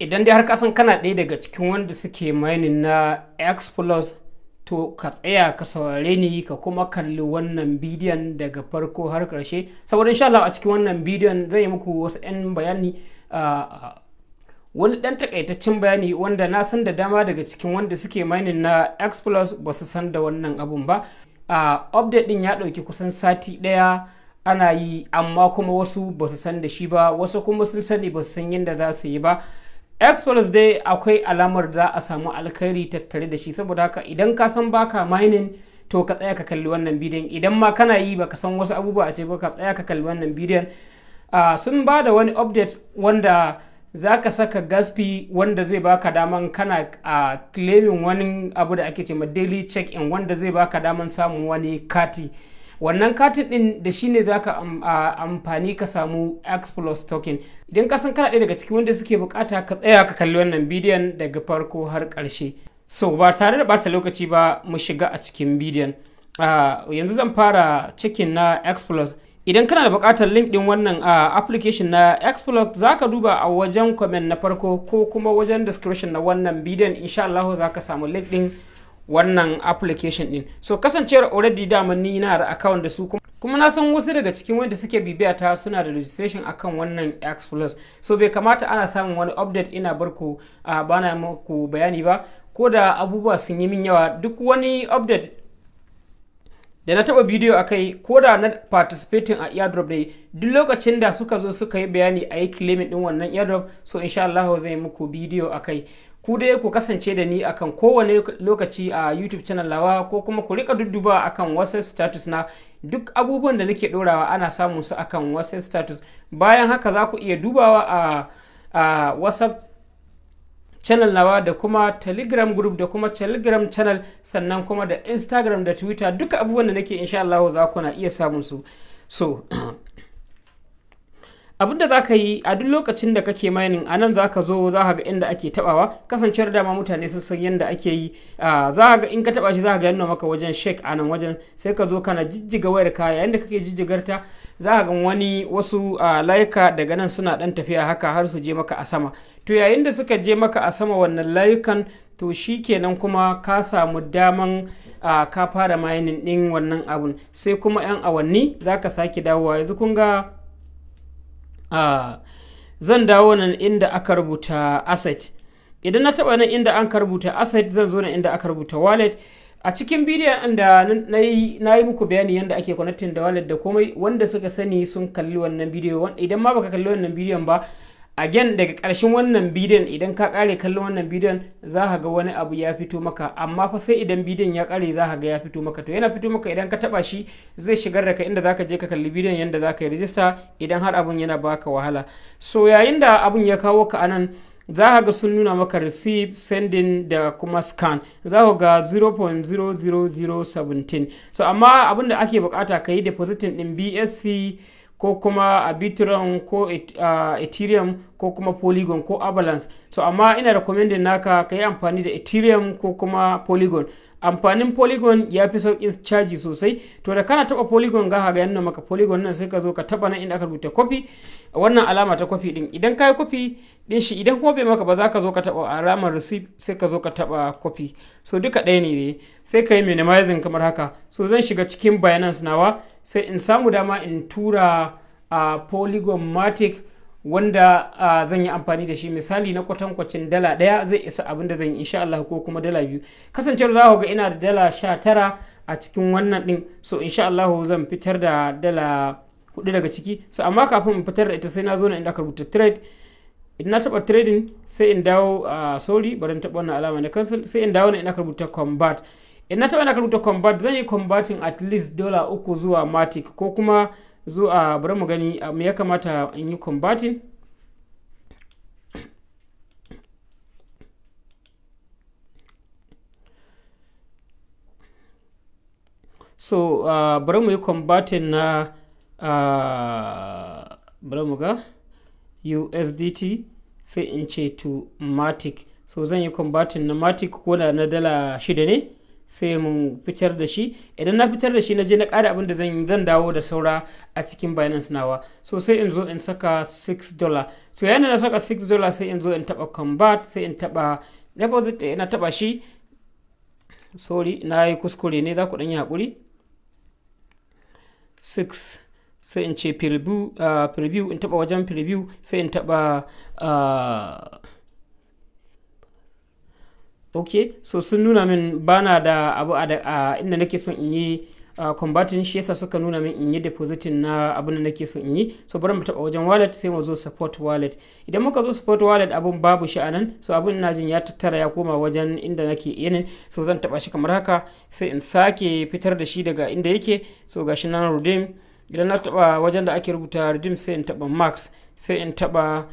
idan dai har kasan kana ɗaya daga cikin wanda suke mining na x plus to ka tsaya ka saurare ni ka kuma kalli wannan bidiyon daga farko har karshe saboda insha Allah a cikin wannan bidiyon zai yi muku wasu 'yan bayani wani ɗan takaitaccen bayani wanda na san da dama daga cikin wanda suke mining na x plus ba su san da wannan abun ba update ɗin ya ɗauki kusan sati ɗaya ana yi amma kuma wasu ba su san da shi ba wasu kuma sun sani ba su san yadda za su yi ba express dai akwai alamar da za a samu alkhairi tattare da shi saboda haka idan ka san baka mining to ka tsaya ka kalli wannan bidiyon idan ma kana yi baka san wasu abubuwa a ce ba ka tsaya ka kalli wannan bidiyon sun ba da wani update wanda za ka saka gaspi wanda zai baka daman kana a claiming wani abu da ake ce ma daily check in wanda zai baka daman samun wani kati wannan katin din da shine za ka amfani ka samu x plus token idan ka san kana ɗaya daga cikin wanda suke bukata ka tsaya ka kalli wannan bidiyon daga farko har ƙarshe so ba tare da bata lokaci ba mu shiga a cikin bidiyon yanzu zan fara cikin na x plus idan kana da bukatar link din wannan application na X plus za ka duba a wajen comment na farko ko kuma wajen description na wannan bidiyon insha Allah za ka samu link din wannan application din so kasancewar already dama ni na da account da su kuma na san wasu daga cikin wanda suke bibiya ta suna da registration akan wannan X Plus so bai kamata ana samun wani update ina barku a bana muku bayani ba ko da abubuwa sun yi min yawa duk wani update da na taba bidiyo a kai ko da na participating a airdrop dai duk lokacin da suka zo suka yi bayani a yi claiming din wannan airdrop so insha Allah zai muku bidiyo a kai ku dai ku kasance da ni akan kowane lokaci a YouTube channel lawa ko kuma ku rika dudduba akan WhatsApp status na duk abubuwan da nake dorawa ana samun su akan WhatsApp status bayan haka za ku iya dubawa a, a WhatsApp channel lawa da kuma telegram group da kuma telegram channel sannan kuma da instagram da twitter duka abubuwan da nake insha Allah za ku na iya samun su so abinda za ka yi a duk lokacin da kake mining a nan za ka zo za ka ga inda ake tabawa kasancewar dama mutane sun san yadda ake yi ah, za ka ga in ka taba shi za ka ga yana maka wajen shake a nan wajen sai ka zo kana jijjiga wayar ka yayin da kake jijjigarta za ka ga wani wasu ah, layuka daga nan suna dan tafiya haka har su je maka a sama to yayin da suka je maka a sama wannan layukan to shi kenan kuma ka samu daman ah, ka fara mining din wannan abun sai kuma 'yan awanni za ka sake dawowa yanzu kun ga zan dawo nan inda aka rubuta asset idan na taba nan inda an rubuta asset zan zo nan inda aka rubuta wallet a cikin bidiyon da na yi muku bayani yadda ake connecting da wallet da komai wanda suka sani sun kalli wannan bidiyo idan ma baka kalli wannan bidiyon ba again daga ƙarshen wannan bidiyon idan ka ƙare kallon wannan bidiyon za ka ga wani abu ya fito maka amma fa sai idan bidiyon ya ƙare za ka ga ya fito maka to yana fito maka idan ka taɓa shi zai shigar da ka inda za ka je ka kalli bidiyon yadda za ka yi rijista idan har abun yana baka wahala so yayin da abun ya kawo ka anan za ka ga sun nuna maka receive sending da kuma scan za ka ga 0.00017 so amma abin da ake bukata ka yi depositing din bsc ko kuma a bitron ko uh, ethereum ko kuma polygon ko avalanche so amma ina recommending naka ka yi amfani da ethereum ko kuma polygon amfanin polygon ya fi saukin caji sosai to da kana taba polygon ga ga yanna maka polygon nan sai ka zo ka taba nan inda aka rubuta copy wannan alama ta copy din idan ka yi copy din shi idan kuma bai maka ba za ka zo ka taba alamar receipt sai ka zo ka taba copy so duka ɗaya ne dai sai ka yi minimizing kamar haka so zan shiga cikin binance nawa sai in samu dama in tura a polygon matic wanda uh, zan yi amfani da shi misali na kwatankwacin dala ɗaya zai isa abin da zan yi insha Allah ko kuma dala biyu kasancewar za ku ga ina da dala sha tara a cikin wannan ɗin so insha Allah zan fitar da dala hudu daga ciki so amma kafin in fitar da ita sai na zo na inda ka rubuta trade idan na taɓa trading sai in dawo a sauri bari in taɓa wannan alama na cancel sai in dawo na ina rubuta combat idan na taɓa ina rubuta combat zan yi combating at least dola uku zuwa matic ko kuma zuwa bari mu gani me ya kamata in yi combating so uh, bari mu yi combating na uh, bari mu ga usdt sai in ce to matic so zan yi converting na matic ko da na dala shida ne sai mun fitar da shi idan na fitar da shi na je na kada abin da zan zan dawo da saura a cikin binance nawa so sai in zo in saka 6 dollar so yana na saka 6 dollar sai in zo in taba convert sai in taba deposit na taba shi sorry na yi kuskure ne za ku ɗan yi hakuri. sai in ce preview uh, in taba wajen preview sai in taba uh, ok so sun nuna min bana da abu a inda nake son in yi uh, combatin shi yasa suka nuna min in yi depositin na abin da nake son in yi so bari mu taba wajen wallet sai mu zo support wallet idan muka zo support wallet abun babu shi anan so abun ina jin ya tattara ya koma wajen inda nake yanin so zan taba shi kamar haka sai in sake fitar da shi daga inda yake so gashi nan redeem idan na taba wajen da ake rubuta redeem sai in taba max sai in taba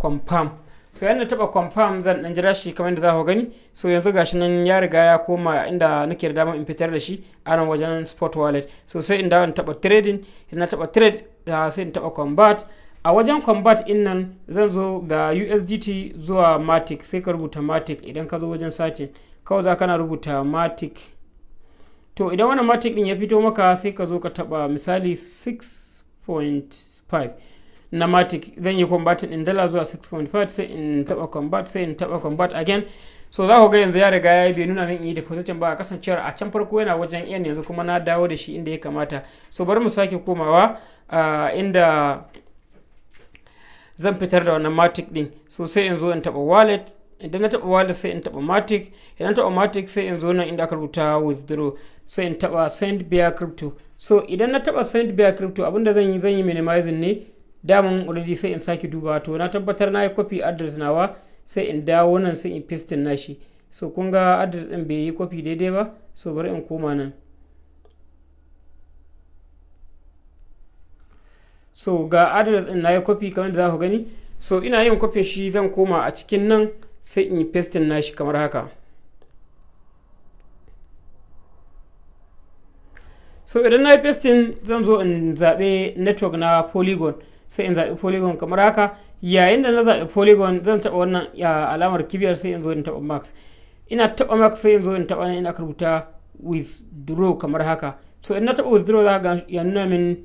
confirm so yana taba confirm zan dan jira shi kamar yadda za ku gani so yanzu gashi nan ya riga ya koma inda nake da damar in fitar da shi a nan wajen spot wallet so sai in dawo in taba trading idan na taba trade sai in taba convert a wajen combat din nan zan zo ga usdt zuwa matic sai ka rubuta matic idan ka zo wajen sacin kawai za ka na rubuta matic to idan wannan matic din ya fito maka sai ka zo ka taba misali 6.5 na matic zan yi converting in dala zuwa 6.5 sai in taba convert sai in taba convert again so za ku ga yanzu ya riga ya bai nuna min yi deposition ba a kasancewar a can farko yana wajen yan yanzu kuma na dawo da shi inda ya kamata so bari mu sake komawa ah, inda zan fitar da wannan matic din so sai in zo in taba wallet idan na taba wallet sai in taba matic idan taba matic sai in zo nan inda aka rubuta withdraw sai in taba send biya crypto so idan na taba send biya crypto abinda zan yi zan yi minimizing ne daman already sai in sake duba to na tabbatar na yi copy address nawa sai in dawo nan sai in paste shi so kun ga address ɗin bai yi copy daidai ba so bari in koma nan so ga address ɗin na yi copy kamar da za ku gani so ina yin copy shi zan koma a cikin nan sai in yi pastin nashi kamar haka so idan na yi pastin zan zo in zaɓe network na polygon sai in zaɓi polygon kamar haka yayin da na zaɓi polygon zan taɓa wannan alamar kibiyar sai in zo in taɓa max ina taɓa max sai in zo in taɓa ina rubuta withdraw kamar haka so in na taɓa withdraw za ga ya nuna min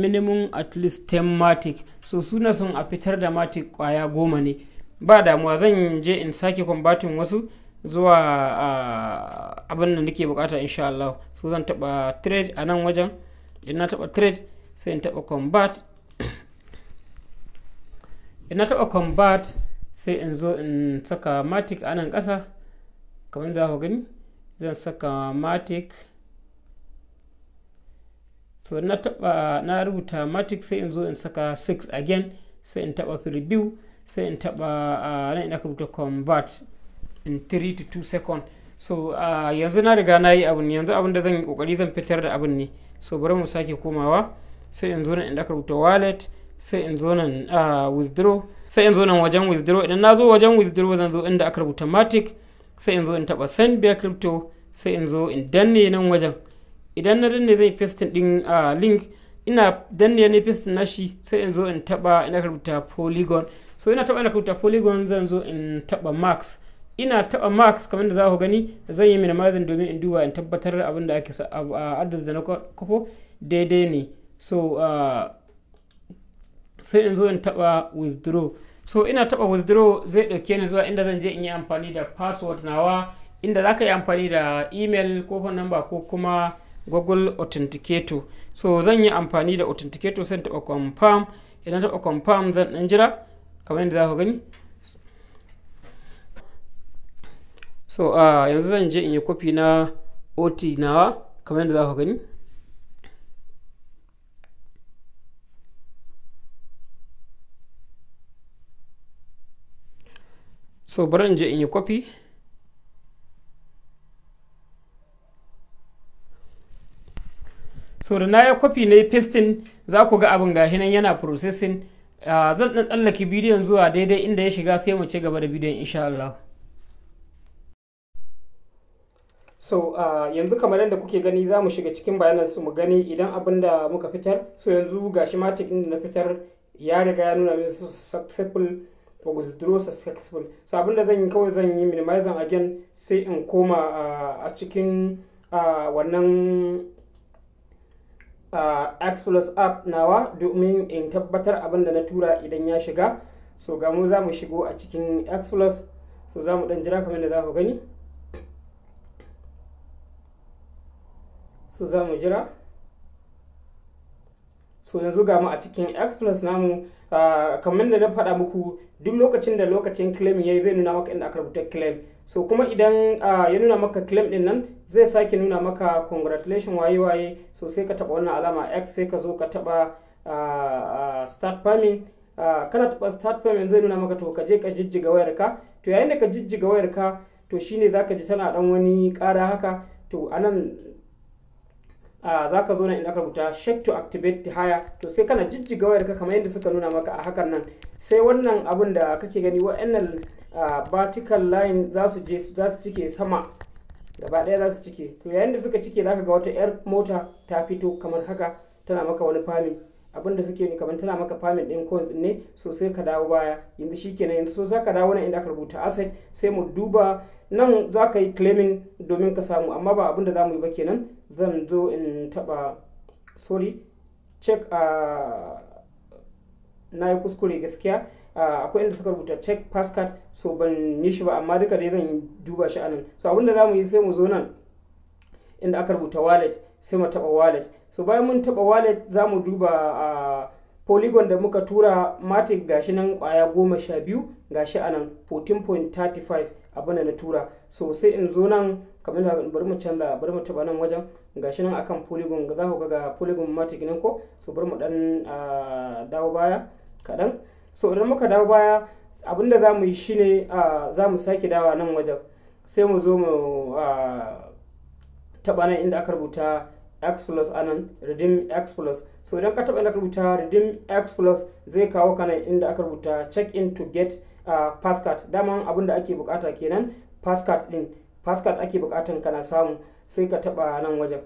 minimum at least 10 matic so suna sun a fitar da matic kwaya goma ne ba damuwa zan je in sake kwambatin wasu zuwa abin da nake bukata insha Allah so zan taba trade a nan wajen in na taba trade sai in taba combat in na taba combat sai in zo in saka matic a nan kasa kamar da ku gani zan saka matic so na taba na rubuta matic sai in zo in saka 6 again sai in taba preview sai in taɓa nan ina rubuta convert in 3 to 2 second so yanzu na riga na yi abin yanzu abin da zan yi kokari zan fitar da abin ne so bari mu sake komawa sai in zo nan inda aka rubuta wallet sai in zo nan withdraw sai in zo nan wajen withdraw idan na zo wajen withdraw zan zo inda aka rubuta matic sai in zo in taba send via crypto sai in zo in danne nan wajen idan na danne zan pasting din link ina danne ne pasting nashi sai in zo in taba ina rubuta polygon so ina taɓa rubuta polygon zan zo in taɓa max ina taɓa max kamar da za ku gani zan yi minimizing domin in duba in tabbatar abin da ake sa a address da na kofo daidai ne so sai in zo in taɓa withdraw so ina taɓa withdraw zai ɗauke ni zuwa inda zan je in yi amfani da password nawa inda za ka yi amfani da email ko phone number ko kuma google authenticator so zan yi amfani da authenticator sai taɓa confirm idan taɓa confirm zan ɗan jira kamar yadda za ku gani so a yanzu zan je in yi kwafi na ot nawa kamar yadda za ku gani so bari in je in yi kwafi so da na yi kwafi na yi pistin za ku ga abin gahi nan yana processing Ah, zan ɗan tsallake bidiyon zuwa daidai inda ya shiga sai mu ci gaba da bidiyon insha Allah so uh, yanzu kamar yadda kuke gani za mu shiga cikin bayanan su mu gani idan abin da muka fitar so yanzu ga shi matic na fitar ya riga ya nuna min successful to withdraw successful so abin da zan yi kawai zan yi minimizing again sai in koma uh, a cikin uh, wannan x plus app nawa domin in tabbatar abin da na tura idan ya shiga so ga mu za mu shigo a cikin x plus so za mu dan jira kamar da za ku gani so za mu jira so yanzu ga mu a cikin x plus namu kamar da na faɗa muku duk lokacin da lokacin claim ya zai nuna maka inda aka rubuta claim so kuma idan uh, ya nuna maka claim din nan zai sake nuna maka congratulation waye waye so sai ka taba wannan alama x sai ka zo ka taba uh, start farming kana taba start farming zai nuna maka to ka je ka jijjiga wayar ka to yayin da ka jijjiga wayar ka to shine zaka ji tana dan wani kara haka to anan Uh, za zo nan in aka rubuta shake to activate the higher to sai kana jijjiga wayarka kamar yadda suka nuna maka a hakan nan sai wannan abun da kake gani wa'annan vertical line za su je za su cike sama gaba ɗaya za su cike to yayin da suka cike zaka ga wata yar mota ta fito kamar haka tana maka wani famin abin da suke ne kamar tana maka famin ɗin coins ne so sai ka dawo baya yanzu shikenan yanzu so zaka dawo nan inda ka rubuta asset sai mu duba nan za ka yi claiming domin ka samu amma ba abun da za mu yi ba kenan zan zo in taba sorry check a ah, na yi kuskure gaskiya Ah, akwai inda suka rubuta check passcard so ban yi shi ba amma duka dai zan duba shi anan so abinda za mu yi sai mu zo nan inda aka rubuta wallet sai mu taba wallet so bayan mun taba wallet za mu duba a ah, polygon da muka tura matic gashi nan kwaya goma sha biyu gashi anan 14.35 abin da na tura so sai in zo nan kamar da bari mu canza bari mu taba nan wajen gashi nan akan polygon za ku ga polygon matic nan ko so bari mu dan ah, dawo baya kaɗan so idan muka dawo baya abin da za mu yi shine za mu sake dawa nan wajen sai mu zo mu taɓa nan inda aka rubuta x plus anan redeem x plus so idan ka taba inda aka rubuta redeem x plus zai kawo ka nan inda aka rubuta check in to get passcard daman abin da ake bukata kenan passcard din passcard ake bukatan kana samu sai ka taba nan wajen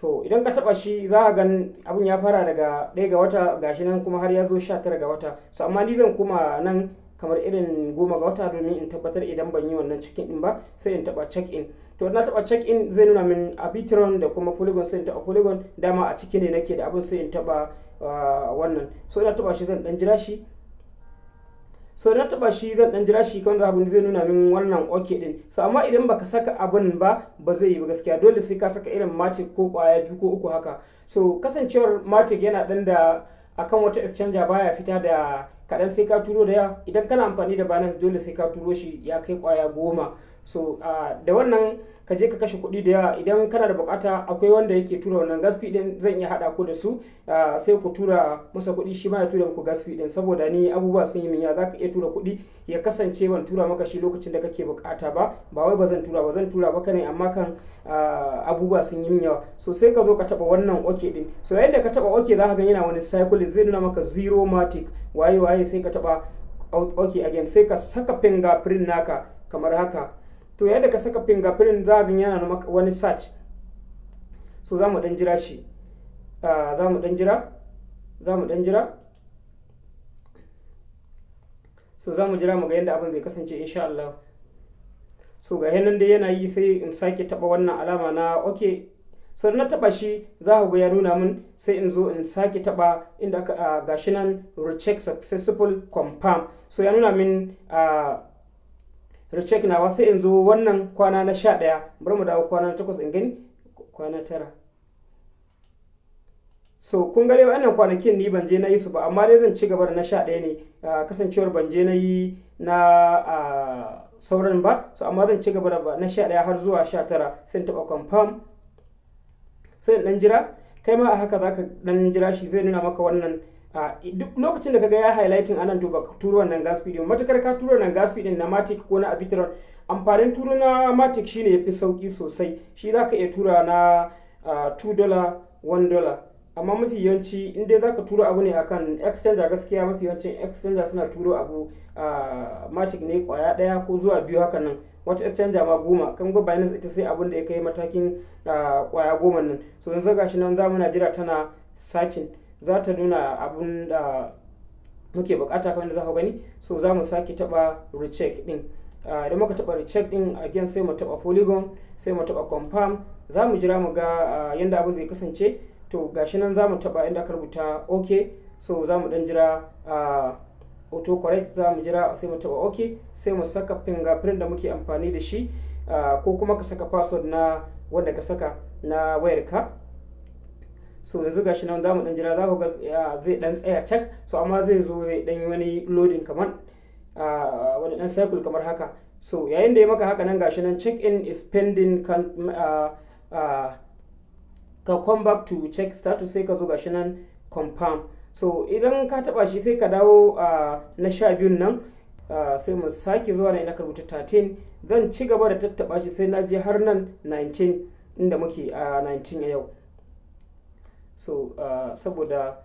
to idan ka taba shi za a gan abin ya fara daga ɗaya ga wata gashi nan kuma har ya zo sha tara ga wata so amma ni zan koma nan kamar irin goma ga wata domin in tabbatar idan ban yi wannan check in ba sai in taba check in to na taba check in zai nuna min arbitron da kuma polygon sai in taba polygon dama a ciki ne nake da abin sai in taba ah, wannan so ina taba shi zan dan jira shi sau na taba shi zan dan jira shi kawai abin da zai nuna min wannan oke din so amma idan baka saka abin ba ba zai yi ba gaskiya dole sai ka saka irin matic ko kwaya biyu ko uku haka so kasancewar matic yana dan da akan wata exchanger baya fita da kaɗan sai ka turo da yawa idan kana amfani da balance dole sai ka turo shi ya kai kwaya goma so da wannan ka je ka kashe kuɗi da yawa idan kana da bukata akwai wanda yake tura wannan gas fee zan iya haɗa ku da su sai ku tura masa kuɗi shi ma ya tura muku gas fee saboda ni abubuwa sun yi min ya zaka iya tura kuɗi ya kasance ban tura maka shi lokacin da kake bukata ba ba wai ba tura ba zan tura ba kane amma kan abubuwa sun yi min yawa so sai ka zo ka taba wannan oke din so yayin da ka taba oke zaka ga yana wani cycle zai nuna maka zero matic wayo waye sai ka taba ok again sai ka saka fingerprint naka kamar haka to yadda ka saka fingerprint za ga yana wani search so za mu dan jira shi ah, za mu dan jira za mu dan jira so za mu jira mu ga yadda abin zai kasance insha Allah so ga nan dai yana yi sai in sake taba wannan alama na okay sau na taba shi za ku ga ya nuna min sai in zo in sake taba inda aka gashi nan recheck successful confirm so ya nuna min recheck nawa sai in zo wannan kwana na sha daya bari mu dawo kwana na takwas in gani kwana tara so kun gare wannan kwanakin ni ban je na yi su ba amma dai zan ci gaba da na sha daya ne kasancewar ban je na yi na sauran ba so amma zan ci gaba da na sha daya har zuwa sha tara sai in taɓa confirm sai dan jira kai ma a haka za ka dan jira shi zai nuna maka wannan duk lokacin da ka ga ya highlighting anan to baka turo wannan gas video matakar ka turo wannan gas video na matic ko na arbitron amfanin turo na matic shine yafi sauki sosai shi zaka iya tura na 2 dollar 1 dollar amma mafi yawanci in dai zaka turo abu ne akan exchanger gaskiya mafi yawancin exchanger suna turo abu a matic ne kwaya daya ko zuwa biyu hakan nan wata exchanger ma goma kan go binance ita sai abun da ya kai matakin kwaya goma nan so yanzu gashi nan za muna jira tana sakin za ta nuna abun da muke bukata kamar da za ku gani so za mu sake taba recheck din idan muka taba recheck din again sai mu taba polygon sai mu taba confirm za mu jira mu ga yanda abun zai kasance to gashi nan za mu taɓa inda aka rubuta ok so za mu ɗan jira auto correct za mu jira sai mu taɓa ok sai mu saka fingerprint da muke amfani da shi ko kuma ka saka password na wanda ka saka na wayar ka so yanzu gashi nan za mu ɗan jira za ku ga zai ɗan tsaya check so amma zai zo zai ɗan yi wani loading kamar wani ɗan cycle kamar haka so yayin da ya maka haka nan gashi nan check in is pending uh, uh, ka come back to check status sai ka zo gashi nan confirm so idan ka taba shi sai ka dawo a na sha biyun nan sai mu sake zuwa na ka rubuta 13 zan ci gaba da tattaba shi sai na je har nan 19 inda muke a 19 a yau so saboda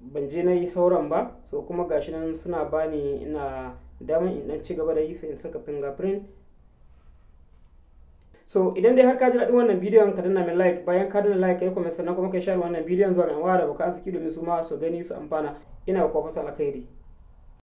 ban je na yi sauran ba so kuma gashi nan suna bani ina daman in ci gaba da yi sai in saka fingerprint so idan dai har ka ji daɗin wannan bidiyon ka danna min like bayan ka danna like kai comment sannan kuma ka share wannan bidiyon zuwa ga yan da baka arziki domin su ma su gani su amfana ina kuwa fasa alkhairi